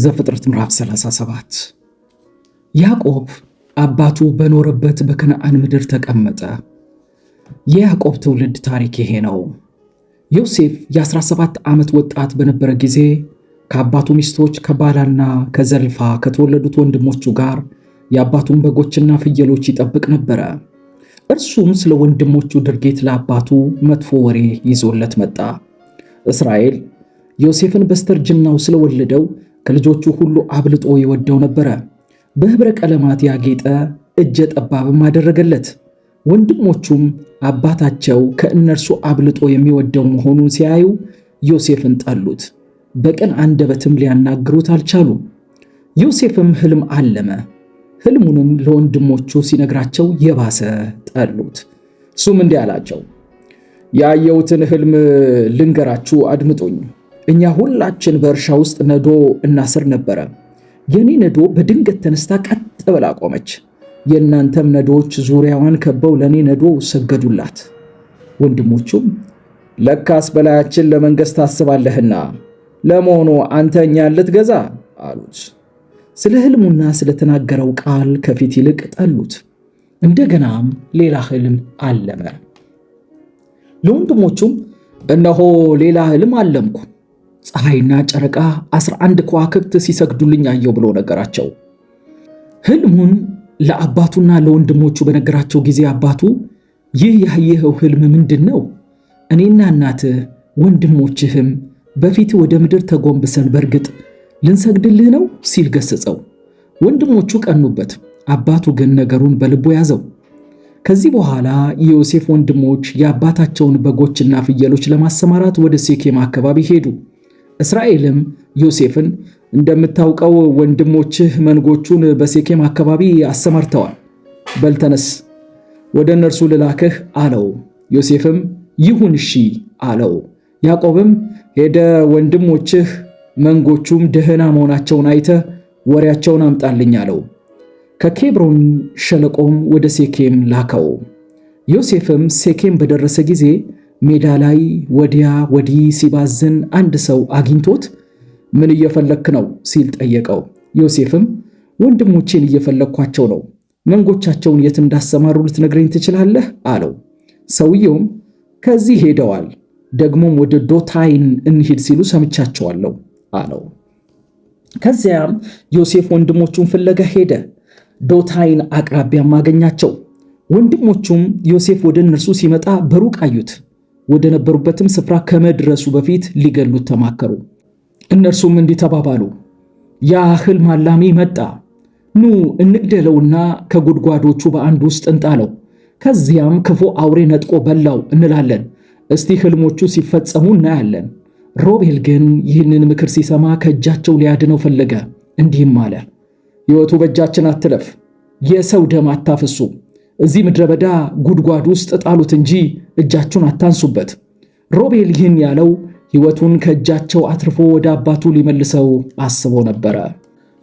ዘፍጥረት ምዕራፍ 37 ያዕቆብ አባቱ በኖረበት በከነዓን ምድር ተቀመጠ። የያዕቆብ ትውልድ ታሪክ ይሄ ነው። ዮሴፍ የ17 ዓመት ወጣት በነበረ ጊዜ ከአባቱ ሚስቶች ከባላና ከዘልፋ ከተወለዱት ወንድሞቹ ጋር የአባቱን በጎችና ፍየሎች ይጠብቅ ነበረ። እርሱም ስለ ወንድሞቹ ድርጊት ለአባቱ መጥፎ ወሬ ይዞለት መጣ። እስራኤል ዮሴፍን በስተርጅናው ስለወለደው ከልጆቹ ሁሉ አብልጦ ይወደው ነበረ። በህብረ ቀለማት ያጌጠ እጀ ጠባብም አደረገለት። ወንድሞቹም አባታቸው ከእነርሱ አብልጦ የሚወደው መሆኑን ሲያዩ ዮሴፍን ጠሉት፣ በቅን አንደበትም ሊያናግሩት አልቻሉ ዮሴፍም ህልም አለመ። ህልሙንም ለወንድሞቹ ሲነግራቸው የባሰ ጠሉት። እሱም እንዲህ አላቸው፣ ያየሁትን ህልም ልንገራችሁ አድምጡኝ። እኛ ሁላችን በእርሻ ውስጥ ነዶ እናስር ነበረ። የኔ ነዶ በድንገት ተነስታ ቀጥ ብላ ቆመች። የእናንተም ነዶዎች ዙሪያዋን ከበው ለእኔ ነዶ ሰገዱላት። ወንድሞቹም ለካስ በላያችን ለመንገሥ ታስባለህና ለመሆኑ አንተ እኛን ልትገዛ አሉት። ስለ ህልሙና ስለተናገረው ቃል ከፊት ይልቅ ጠሉት። እንደገናም ሌላ ህልም አለመ። ለወንድሞቹም እነሆ ሌላ ህልም አለምኩ ፀሐይና ጨረቃ አስራ አንድ ከዋክብት ሲሰግዱልኝ አየው ብሎ ነገራቸው። ህልሙን ለአባቱና ለወንድሞቹ በነገራቸው ጊዜ አባቱ ይህ ያየኸው ህልም ምንድን ነው? እኔና እናትህ ወንድሞችህም በፊት ወደ ምድር ተጎንብሰን በእርግጥ ልንሰግድልህ ነው ሲል ገሰጸው። ወንድሞቹ ቀኑበት፣ አባቱ ግን ነገሩን በልቡ ያዘው። ከዚህ በኋላ የዮሴፍ ወንድሞች የአባታቸውን በጎችና ፍየሎች ለማሰማራት ወደ ሴኬም አካባቢ ሄዱ። እስራኤልም ዮሴፍን እንደምታውቀው ወንድሞችህ መንጎቹን በሴኬም አካባቢ አሰማርተዋል፣ በልተነስ ወደ እነርሱ ልላክህ አለው። ዮሴፍም ይሁን እሺ አለው። ያዕቆብም ሄደ፣ ወንድሞችህ መንጎቹም ደህና መሆናቸውን አይተህ ወሬያቸውን አምጣልኝ አለው። ከኬብሮን ሸለቆም ወደ ሴኬም ላከው። ዮሴፍም ሴኬም በደረሰ ጊዜ ሜዳ ላይ ወዲያ ወዲህ ሲባዝን አንድ ሰው አግኝቶት ምን እየፈለክ ነው ሲል ጠየቀው። ዮሴፍም ወንድሞቼን እየፈለግኳቸው ነው፣ መንጎቻቸውን የት እንዳሰማሩ ልትነግረኝ ትችላለህ አለው። ሰውየውም ከዚህ ሄደዋል፣ ደግሞም ወደ ዶታይን እንሂድ ሲሉ ሰምቻቸዋለሁ አለው። ከዚያም ዮሴፍ ወንድሞቹን ፍለጋ ሄደ። ዶታይን አቅራቢያም አገኛቸው። ወንድሞቹም ዮሴፍ ወደ እነርሱ ሲመጣ በሩቅ አዩት። ወደ ነበሩበትም ስፍራ ከመድረሱ በፊት ሊገሉት ተማከሩ። እነርሱም እንዲህ ተባባሉ፣ ያ ሕልም አላሚ መጣ፣ ኑ እንግደለውና ከጉድጓዶቹ በአንድ ውስጥ እንጣለው፣ ከዚያም ክፉ አውሬ ነጥቆ በላው እንላለን። እስቲ ሕልሞቹ ሲፈጸሙ እናያለን። ሮቤል ግን ይህንን ምክር ሲሰማ ከእጃቸው ሊያድነው ፈለገ። እንዲህም አለ፣ ሕይወቱ በእጃችን አትለፍ፣ የሰው ደም አታፍሱ እዚህ ምድረ በዳ ጉድጓድ ውስጥ ጣሉት እንጂ እጃችሁን አታንሱበት። ሮቤል ይህን ያለው ሕይወቱን ከእጃቸው አትርፎ ወደ አባቱ ሊመልሰው አስቦ ነበረ።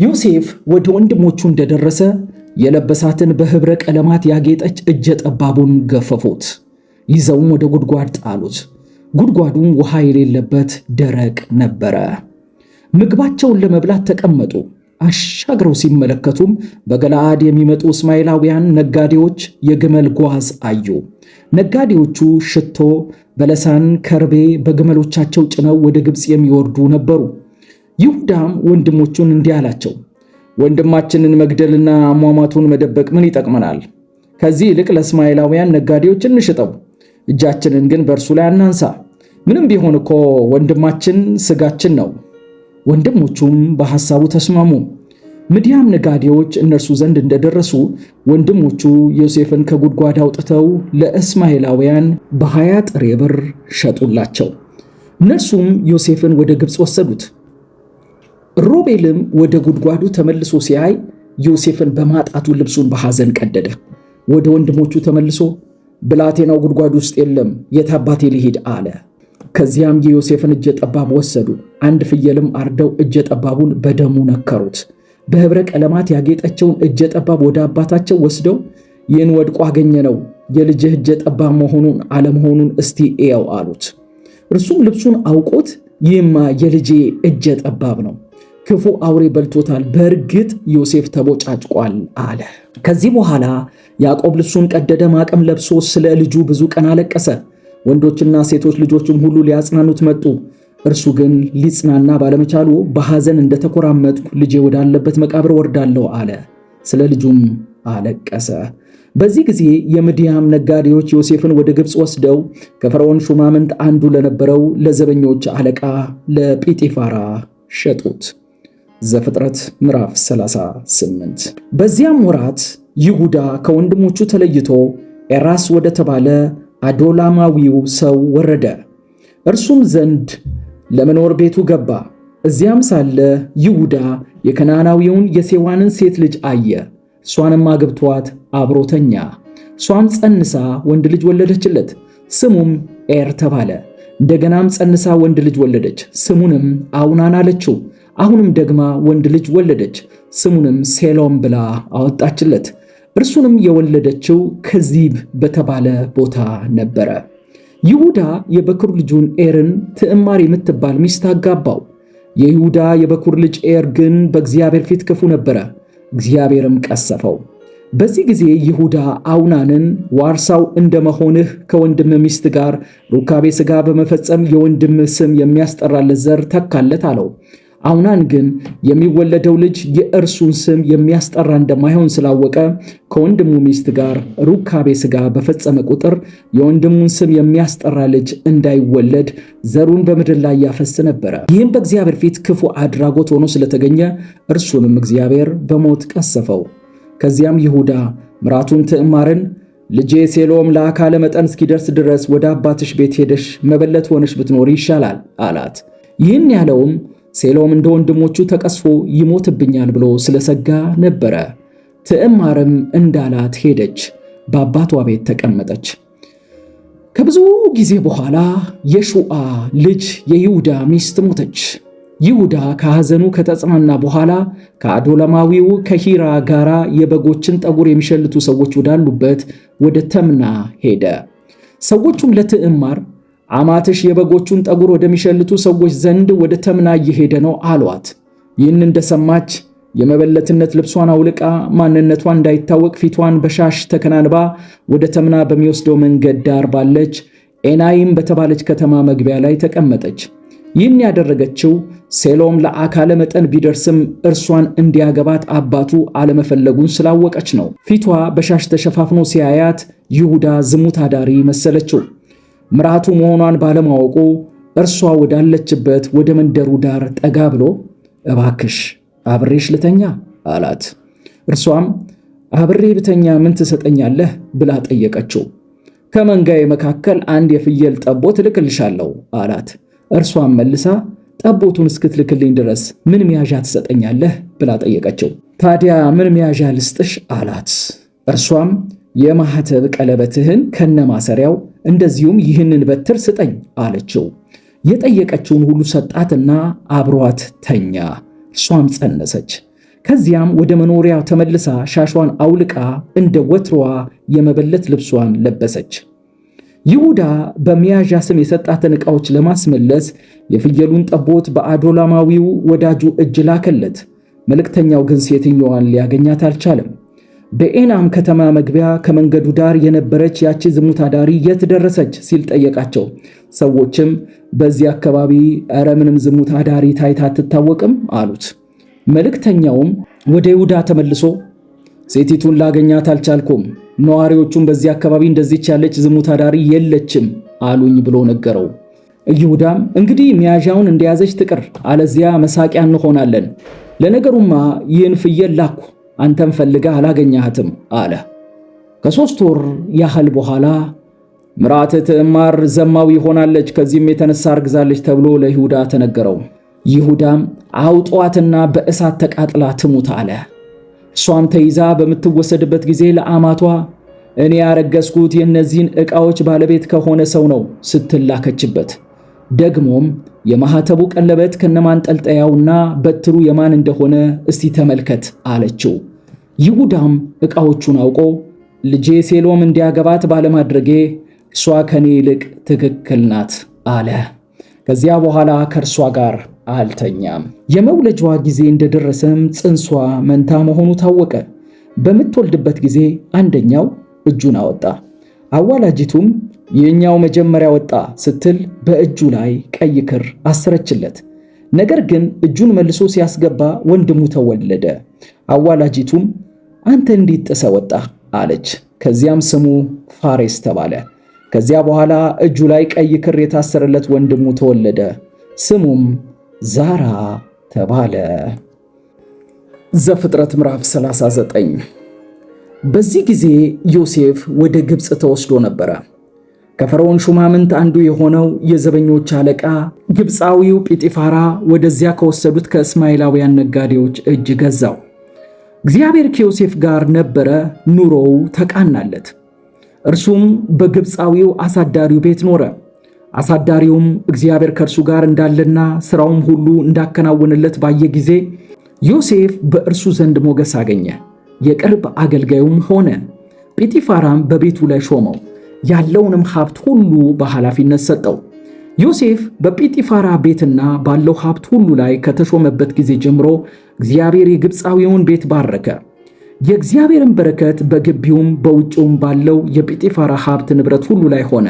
ዮሴፍ ወደ ወንድሞቹ እንደደረሰ የለበሳትን በኅብረ ቀለማት ያጌጠች እጀ ጠባቡን ገፈፉት፣ ይዘውም ወደ ጉድጓድ ጣሉት። ጉድጓዱም ውሃ የሌለበት ደረቅ ነበረ። ምግባቸውን ለመብላት ተቀመጡ። አሻግረው ሲመለከቱም በገላአድ የሚመጡ እስማኤላውያን ነጋዴዎች የግመል ጓዝ አዩ። ነጋዴዎቹ ሽቶ፣ በለሳን፣ ከርቤ በግመሎቻቸው ጭነው ወደ ግብፅ የሚወርዱ ነበሩ። ይሁዳም ወንድሞቹን እንዲህ አላቸው፣ ወንድማችንን መግደልና አሟሟቱን መደበቅ ምን ይጠቅመናል? ከዚህ ይልቅ ለእስማኤላውያን ነጋዴዎች እንሽጠው፣ እጃችንን ግን በእርሱ ላይ አናንሳ። ምንም ቢሆን እኮ ወንድማችን ስጋችን ነው ወንድሞቹም በሐሳቡ ተስማሙ። ምድያም ነጋዴዎች እነርሱ ዘንድ እንደደረሱ ወንድሞቹ ዮሴፍን ከጉድጓድ አውጥተው ለእስማኤላውያን በሀያ ጥሬ ብር ሸጡላቸው። እነርሱም ዮሴፍን ወደ ግብፅ ወሰዱት። ሮቤልም ወደ ጉድጓዱ ተመልሶ ሲያይ ዮሴፍን በማጣቱ ልብሱን በሐዘን ቀደደ። ወደ ወንድሞቹ ተመልሶ ብላቴናው ጉድጓድ ውስጥ የለም፣ የት አባቴ ልሂድ አለ። ከዚያም የዮሴፍን እጀ ጠባብ ወሰዱ። አንድ ፍየልም አርደው እጀ ጠባቡን በደሙ ነከሩት። በህብረ ቀለማት ያጌጠችውን እጀ ጠባብ ወደ አባታቸው ወስደው ይህን ወድቆ አገኘ ነው የልጅህ እጀ ጠባብ መሆኑን አለመሆኑን እስቲ እያው አሉት። እርሱም ልብሱን አውቆት ይህማ የልጄ እጀ ጠባብ ነው፣ ክፉ አውሬ በልቶታል፣ በእርግጥ ዮሴፍ ተቦጫጭቋል አለ። ከዚህ በኋላ ያዕቆብ ልብሱን ቀደደ፣ ማቅም ለብሶ ስለ ልጁ ብዙ ቀን አለቀሰ። ወንዶችና ሴቶች ልጆችም ሁሉ ሊያጽናኑት መጡ። እርሱ ግን ሊጽናና ባለመቻሉ በሐዘን እንደተኮራመጥኩ ልጄ ወዳለበት መቃብር ወርዳለሁ አለ። ስለ ልጁም አለቀሰ። በዚህ ጊዜ የምድያም ነጋዴዎች ዮሴፍን ወደ ግብፅ ወስደው ከፈርዖን ሹማምንት አንዱ ለነበረው ለዘበኞች አለቃ ለጲጢፋራ ሸጡት። ዘፍጥረት ምዕራፍ 38። በዚያም ወራት ይሁዳ ከወንድሞቹ ተለይቶ ኤራስ ወደ ተባለ አዶላማዊው ሰው ወረደ፣ እርሱም ዘንድ ለመኖር ቤቱ ገባ። እዚያም ሳለ ይሁዳ የከናናዊውን የሴዋንን ሴት ልጅ አየ። እሷንም አግብቷት አብሮተኛ። እሷም ጸንሳ ወንድ ልጅ ወለደችለት፣ ስሙም ኤር ተባለ። እንደገናም ጸንሳ ወንድ ልጅ ወለደች፣ ስሙንም አውናን አለችው። አሁንም ደግማ ወንድ ልጅ ወለደች፣ ስሙንም ሴሎም ብላ አወጣችለት። እርሱንም የወለደችው ከዚብ በተባለ ቦታ ነበረ። ይሁዳ የበኩር ልጁን ኤርን ትዕማር የምትባል ሚስት አጋባው። የይሁዳ የበኩር ልጅ ኤር ግን በእግዚአብሔር ፊት ክፉ ነበረ፣ እግዚአብሔርም ቀሰፈው። በዚህ ጊዜ ይሁዳ አውናንን ዋርሳው እንደመሆንህ ከወንድም ሚስት ጋር ሩካቤ ሥጋ በመፈጸም የወንድም ስም የሚያስጠራለት ዘር ተካለት አለው። አውናን ግን የሚወለደው ልጅ የእርሱን ስም የሚያስጠራ እንደማይሆን ስላወቀ ከወንድሙ ሚስት ጋር ሩካቤ ሥጋ በፈጸመ ቁጥር የወንድሙን ስም የሚያስጠራ ልጅ እንዳይወለድ ዘሩን በምድር ላይ ያፈስ ነበረ። ይህም በእግዚአብሔር ፊት ክፉ አድራጎት ሆኖ ስለተገኘ እርሱንም እግዚአብሔር በሞት ቀሰፈው። ከዚያም ይሁዳ ምራቱን ትዕማርን ልጄ ሴሎም ለአካለ መጠን እስኪደርስ ድረስ ወደ አባትሽ ቤት ሄደሽ መበለት ሆነሽ ብትኖር ይሻላል አላት። ይህን ያለውም ሴሎም እንደ ወንድሞቹ ተቀስፎ ይሞትብኛል ብሎ ስለሰጋ ነበረ። ትዕማርም እንዳላት ሄደች፣ በአባቷ ቤት ተቀመጠች። ከብዙ ጊዜ በኋላ የሹአ ልጅ የይሁዳ ሚስት ሞተች። ይሁዳ ከሐዘኑ ከተጽናና በኋላ ከአዶለማዊው ከሂራ ጋራ የበጎችን ጠጉር የሚሸልቱ ሰዎች ወዳሉበት ወደ ተምና ሄደ። ሰዎቹም ለትዕማር አማትሽ የበጎቹን ጠጉር ወደሚሸልቱ ሰዎች ዘንድ ወደ ተምና እየሄደ ነው አሏት። ይህን እንደሰማች የመበለትነት ልብሷን አውልቃ ማንነቷ እንዳይታወቅ ፊቷን በሻሽ ተከናንባ ወደ ተምና በሚወስደው መንገድ ዳር ባለች ኤናይም በተባለች ከተማ መግቢያ ላይ ተቀመጠች። ይህን ያደረገችው ሴሎም ለአካለ መጠን ቢደርስም እርሷን እንዲያገባት አባቱ አለመፈለጉን ስላወቀች ነው። ፊቷ በሻሽ ተሸፋፍኖ ሲያያት ይሁዳ ዝሙት አዳሪ መሰለችው። ምራቱ መሆኗን ባለማወቁ እርሷ ወዳለችበት ወደ መንደሩ ዳር ጠጋ ብሎ እባክሽ አብሬሽ ልተኛ አላት። እርሷም አብሬ ብተኛ ምን ትሰጠኛለህ ብላ ጠየቀችው። ከመንጋዬ መካከል አንድ የፍየል ጠቦት እልክልሻለሁ አላት። እርሷም መልሳ ጠቦቱን እስክትልክልኝ ድረስ ምን መያዣ ትሰጠኛለህ ብላ ጠየቀችው። ታዲያ ምን መያዣ ልስጥሽ አላት። እርሷም የማህተብ ቀለበትህን ከነማሰሪያው እንደዚሁም ይህንን በትር ስጠኝ አለችው። የጠየቀችውን ሁሉ ሰጣትና አብሯት ተኛ። እሷም ጸነሰች። ከዚያም ወደ መኖሪያ ተመልሳ ሻሿን አውልቃ እንደ ወትሮዋ የመበለት ልብሷን ለበሰች። ይሁዳ በሚያዣ ስም የሰጣትን ዕቃዎች ለማስመለስ የፍየሉን ጠቦት በአዶላማዊው ወዳጁ እጅ ላከለት። መልእክተኛው ግን ሴትኛዋን ሊያገኛት አልቻለም። በኤናም ከተማ መግቢያ ከመንገዱ ዳር የነበረች ያቺ ዝሙት አዳሪ የት ደረሰች ሲል ጠየቃቸው። ሰዎችም በዚህ አካባቢ ኧረ ምንም ዝሙት አዳሪ ታይታ አትታወቅም አሉት። መልእክተኛውም ወደ ይሁዳ ተመልሶ ሴቲቱን ላገኛት አልቻልኩም፣ ነዋሪዎቹም በዚህ አካባቢ እንደዚች ያለች ዝሙት አዳሪ የለችም አሉኝ ብሎ ነገረው። ይሁዳም እንግዲህ መያዣውን እንደያዘች ትቅር፣ አለዚያ መሳቂያ እንሆናለን። ለነገሩማ ይህን ፍየል ላኩ አንተም ፈልገህ አላገኛሃትም አለ። ከሦስት ወር ያህል በኋላ ምራትህ ትዕማር ዘማዊ ሆናለች፣ ከዚህም የተነሳ አርግዛለች ተብሎ ለይሁዳ ተነገረው። ይሁዳም አውጧትና በእሳት ተቃጥላ ትሙት አለ። እሷም ተይዛ በምትወሰድበት ጊዜ ለአማቷ እኔ ያረገዝኩት የእነዚህን ዕቃዎች ባለቤት ከሆነ ሰው ነው ስትላከችበት ደግሞም የማህተቡ ቀለበት ከነማንጠልጠያውና በትሩ የማን እንደሆነ እስቲ ተመልከት አለችው። ይሁዳም ዕቃዎቹን አውቆ ልጄ ሴሎም እንዲያገባት ባለማድረጌ እሷ ከኔ ይልቅ ትክክል ናት አለ። ከዚያ በኋላ ከእርሷ ጋር አልተኛም። የመውለጃዋ ጊዜ እንደደረሰም ጽንሷ መንታ መሆኑ ታወቀ። በምትወልድበት ጊዜ አንደኛው እጁን አወጣ። አዋላጅቱም የኛው መጀመሪያ ወጣ ስትል በእጁ ላይ ቀይ ክር አሰረችለት። ነገር ግን እጁን መልሶ ሲያስገባ ወንድሙ ተወለደ። አዋላጂቱም አንተ እንዴት ጥሰ ወጣ አለች። ከዚያም ስሙ ፋሬስ ተባለ። ከዚያ በኋላ እጁ ላይ ቀይ ክር የታሰረለት ወንድሙ ተወለደ። ስሙም ዛራ ተባለ። ዘፍጥረት ምዕራፍ 39 በዚህ ጊዜ ዮሴፍ ወደ ግብፅ ተወስዶ ነበረ። ከፈርዖን ሹማምንት አንዱ የሆነው የዘበኞች አለቃ ግብፃዊው ጲጢፋራ ወደዚያ ከወሰዱት ከእስማኤላውያን ነጋዴዎች እጅ ገዛው። እግዚአብሔር ከዮሴፍ ጋር ነበረ፣ ኑሮው ተቃናለት። እርሱም በግብፃዊው አሳዳሪው ቤት ኖረ። አሳዳሪውም እግዚአብሔር ከእርሱ ጋር እንዳለና ሥራውም ሁሉ እንዳከናወነለት ባየ ጊዜ ዮሴፍ በእርሱ ዘንድ ሞገስ አገኘ፣ የቅርብ አገልጋዩም ሆነ። ጲጢፋራም በቤቱ ላይ ሾመው። ያለውንም ሀብት ሁሉ በኃላፊነት ሰጠው። ዮሴፍ በጲጢፋራ ቤትና ባለው ሀብት ሁሉ ላይ ከተሾመበት ጊዜ ጀምሮ እግዚአብሔር የግብፃዊውን ቤት ባረከ። የእግዚአብሔርን በረከት በግቢውም በውጭውም ባለው የጲጢፋራ ሀብት ንብረት ሁሉ ላይ ሆነ።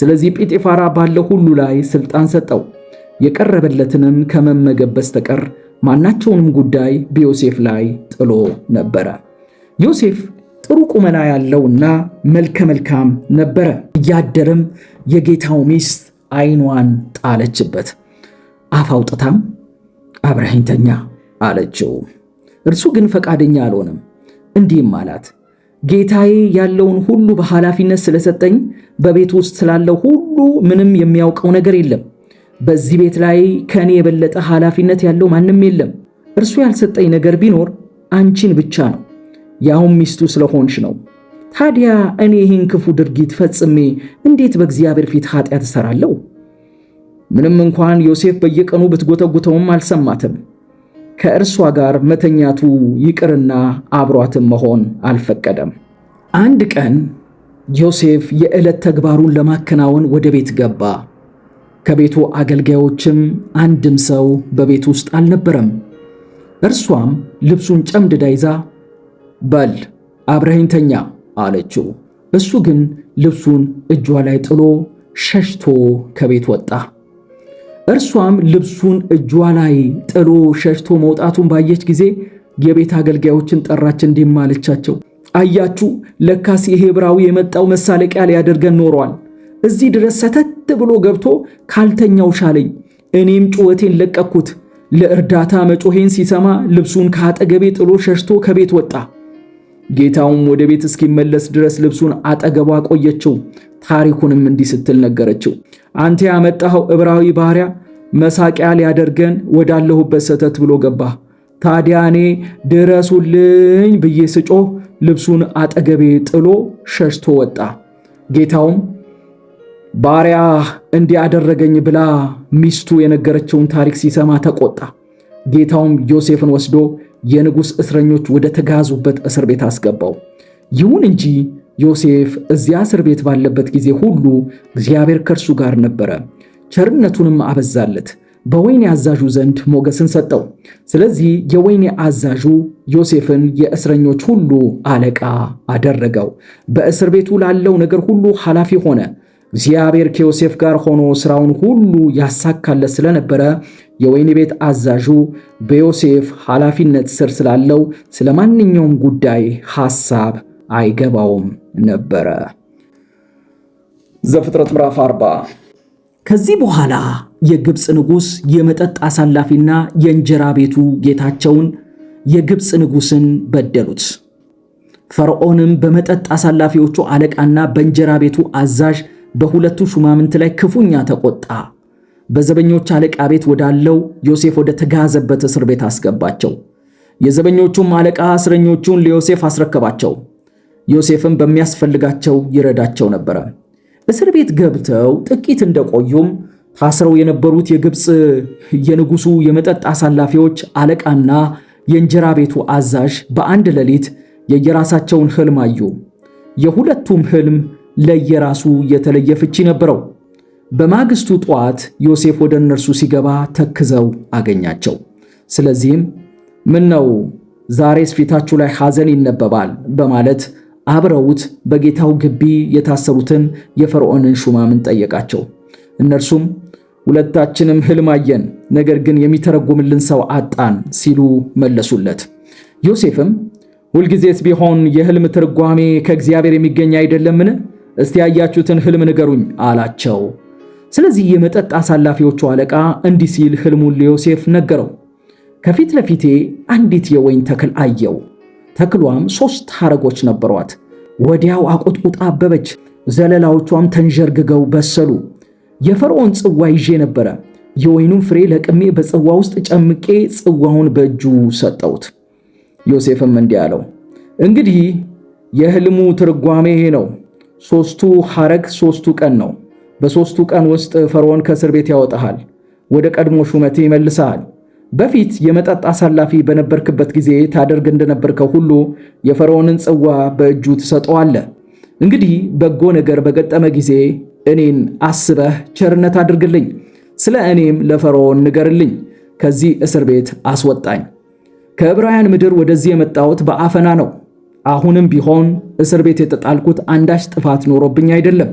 ስለዚህ ጲጢፋራ ባለው ሁሉ ላይ ስልጣን ሰጠው። የቀረበለትንም ከመመገብ በስተቀር ማናቸውንም ጉዳይ በዮሴፍ ላይ ጥሎ ነበረ። ዮሴፍ ጥሩ ቁመና ያለውና መልከ መልካም ነበረ። እያደረም የጌታው ሚስት አይኗን ጣለችበት። አፍ አውጥታም አብረኸኝ ተኛ አለችው። እርሱ ግን ፈቃደኛ አልሆነም። እንዲህም አላት፣ ጌታዬ ያለውን ሁሉ በኃላፊነት ስለሰጠኝ በቤት ውስጥ ስላለው ሁሉ ምንም የሚያውቀው ነገር የለም። በዚህ ቤት ላይ ከእኔ የበለጠ ኃላፊነት ያለው ማንም የለም። እርሱ ያልሰጠኝ ነገር ቢኖር አንቺን ብቻ ነው። ያውም ሚስቱ ስለሆንሽ ነው። ታዲያ እኔ ይህን ክፉ ድርጊት ፈጽሜ እንዴት በእግዚአብሔር ፊት ኃጢአት እሰራለሁ? ምንም እንኳን ዮሴፍ በየቀኑ ብትጎተጉተውም አልሰማትም። ከእርሷ ጋር መተኛቱ ይቅርና አብሯትም መሆን አልፈቀደም። አንድ ቀን ዮሴፍ የዕለት ተግባሩን ለማከናወን ወደ ቤት ገባ። ከቤቱ አገልጋዮችም አንድም ሰው በቤት ውስጥ አልነበረም። እርሷም ልብሱን ጨምድዳ ይዛ በል አብረኸኝ ተኛ አለችው። እሱ ግን ልብሱን እጇ ላይ ጥሎ ሸሽቶ ከቤት ወጣ። እርሷም ልብሱን እጇ ላይ ጥሎ ሸሽቶ መውጣቱን ባየች ጊዜ የቤት አገልጋዮችን ጠራች፣ እንዲህም አለቻቸው፣ አያችሁ ለካስ የሄብራዊ የመጣው መሳለቂያ ሊያደርገን ኖሯል። እዚህ ድረስ ሰተት ብሎ ገብቶ ካልተኛው ሻለኝ። እኔም ጩኸቴን ለቀቅኩት። ለእርዳታ መጮሄን ሲሰማ ልብሱን ከአጠገቤ ጥሎ ሸሽቶ ከቤት ወጣ። ጌታውም ወደ ቤት እስኪመለስ ድረስ ልብሱን አጠገቧ ቆየችው። ታሪኩንም እንዲህ ስትል ነገረችው። አንተ ያመጣኸው ዕብራዊ ባሪያ መሳቂያ ሊያደርገን ወዳለሁበት ሰተት ብሎ ገባ። ታዲያ እኔ ድረሱልኝ ብዬ ስጮህ ልብሱን አጠገቤ ጥሎ ሸሽቶ ወጣ። ጌታውም ባሪያ እንዲያደረገኝ ብላ ሚስቱ የነገረችውን ታሪክ ሲሰማ ተቆጣ። ጌታውም ዮሴፍን ወስዶ የንጉሥ እስረኞች ወደ ተጋዙበት እስር ቤት አስገባው። ይሁን እንጂ ዮሴፍ እዚያ እስር ቤት ባለበት ጊዜ ሁሉ እግዚአብሔር ከእርሱ ጋር ነበረ፣ ቸርነቱንም አበዛለት፣ በወይኔ አዛዡ ዘንድ ሞገስን ሰጠው። ስለዚህ የወይኔ አዛዡ ዮሴፍን የእስረኞች ሁሉ አለቃ አደረገው። በእስር ቤቱ ላለው ነገር ሁሉ ኃላፊ ሆነ። እግዚአብሔር ከዮሴፍ ጋር ሆኖ ሥራውን ሁሉ ያሳካለት ስለነበረ የወይን ቤት አዛዡ በዮሴፍ ኃላፊነት ስር ስላለው ስለ ማንኛውም ጉዳይ ሐሳብ አይገባውም ነበረ። ዘፍጥረት ምዕራፍ 40 ከዚህ በኋላ የግብፅ ንጉሥ የመጠጥ አሳላፊና የእንጀራ ቤቱ ጌታቸውን የግብፅ ንጉሥን በደሉት። ፈርዖንም በመጠጥ አሳላፊዎቹ አለቃና በእንጀራ ቤቱ አዛዥ በሁለቱ ሹማምንት ላይ ክፉኛ ተቆጣ። በዘበኞች አለቃ ቤት ወዳለው ዮሴፍ ወደ ተጋዘበት እስር ቤት አስገባቸው። የዘበኞቹም አለቃ እስረኞቹን ለዮሴፍ አስረከባቸው። ዮሴፍም በሚያስፈልጋቸው ይረዳቸው ነበረ። እስር ቤት ገብተው ጥቂት እንደቆዩም ታስረው የነበሩት የግብፅ የንጉሱ የመጠጥ አሳላፊዎች አለቃና የእንጀራ ቤቱ አዛዥ በአንድ ሌሊት የየራሳቸውን ህልም አዩ። የሁለቱም ህልም። ለየራሱ የተለየ ፍቺ ነበረው። በማግስቱ ጠዋት ዮሴፍ ወደ እነርሱ ሲገባ ተክዘው አገኛቸው። ስለዚህም ምን ነው ዛሬስ ፊታችሁ ላይ ሐዘን ይነበባል በማለት አብረውት በጌታው ግቢ የታሰሩትን የፈርዖንን ሹማምን ጠየቃቸው። እነርሱም ሁለታችንም ህልም አየን፣ ነገር ግን የሚተረጉምልን ሰው አጣን ሲሉ መለሱለት። ዮሴፍም ሁልጊዜስ ቢሆን የህልም ትርጓሜ ከእግዚአብሔር የሚገኝ አይደለምን? እስቲ ያያችሁትን ህልም ንገሩኝ አላቸው። ስለዚህ የመጠጥ አሳላፊዎቹ አለቃ እንዲህ ሲል ህልሙን ለዮሴፍ ነገረው። ከፊት ለፊቴ አንዲት የወይን ተክል አየው። ተክሏም ሦስት ሐረጎች ነበሯት። ወዲያው አቆጥቁጣ አበበች፣ ዘለላዎቿም ተንዠርግገው በሰሉ። የፈርዖን ጽዋ ይዤ ነበረ። የወይኑን ፍሬ ለቅሜ በጽዋ ውስጥ ጨምቄ ጽዋውን በእጁ ሰጠውት! ዮሴፍም እንዲህ አለው፣ እንግዲህ የህልሙ ትርጓሜ ይሄ ነው። ሶስቱ ሐረግ ሶስቱ ቀን ነው። በሶስቱ ቀን ውስጥ ፈርዖን ከእስር ቤት ያወጣሃል፣ ወደ ቀድሞ ሹመት ይመልሰሃል። በፊት የመጠጥ አሳላፊ በነበርክበት ጊዜ ታደርግ እንደነበርከው ሁሉ የፈርዖንን ጽዋ በእጁ ትሰጠዋለህ። እንግዲህ በጎ ነገር በገጠመ ጊዜ እኔን አስበህ ቸርነት አድርግልኝ፣ ስለ እኔም ለፈርዖን ንገርልኝ፣ ከዚህ እስር ቤት አስወጣኝ። ከዕብራውያን ምድር ወደዚህ የመጣሁት በአፈና ነው አሁንም ቢሆን እስር ቤት የተጣልኩት አንዳች ጥፋት ኖሮብኝ አይደለም።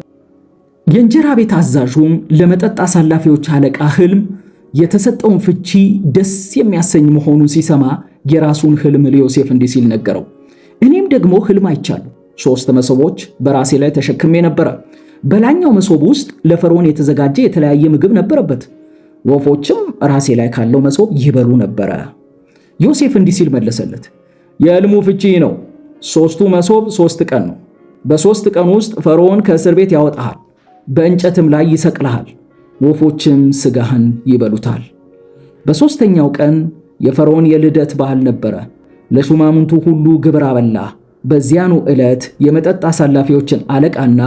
የእንጀራ ቤት አዛዡም ለመጠጥ አሳላፊዎች አለቃ ህልም የተሰጠውን ፍቺ ደስ የሚያሰኝ መሆኑን ሲሰማ የራሱን ህልም ለዮሴፍ እንዲህ ሲል ነገረው። እኔም ደግሞ ህልም አይቻለሁ። ሶስት መሶቦች በራሴ ላይ ተሸክሜ ነበረ። በላይኛው መሶብ ውስጥ ለፈርዖን የተዘጋጀ የተለያየ ምግብ ነበረበት። ወፎችም ራሴ ላይ ካለው መሶብ ይበሉ ነበረ። ዮሴፍ እንዲህ ሲል መለሰለት፣ የህልሙ ፍቺ ነው ሶስቱ መሶብ ሶስት ቀን ነው። በሶስት ቀን ውስጥ ፈርዖን ከእስር ቤት ያወጣሃል፣ በእንጨትም ላይ ይሰቅልሃል፣ ወፎችም ስጋህን ይበሉታል። በሦስተኛው ቀን የፈርዖን የልደት በዓል ነበረ። ለሹማምንቱ ሁሉ ግብር አበላ። በዚያኑ ዕለት የመጠጥ አሳላፊዎችን አለቃና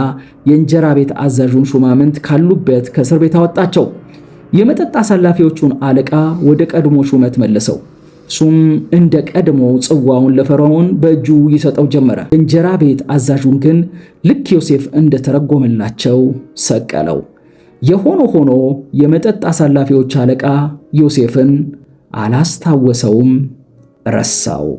የእንጀራ ቤት አዛዡን ሹማምንት ካሉበት ከእስር ቤት አወጣቸው። የመጠጥ አሳላፊዎቹን አለቃ ወደ ቀድሞ ሹመት መለሰው። እሱም እንደ ቀድሞ ጽዋውን ለፈርዖን በእጁ ይሰጠው ጀመረ። እንጀራ ቤት አዛዡን ግን ልክ ዮሴፍ እንደተረጎመላቸው ሰቀለው። የሆነ ሆኖ የመጠጥ አሳላፊዎች አለቃ ዮሴፍን አላስታወሰውም፣ ረሳው።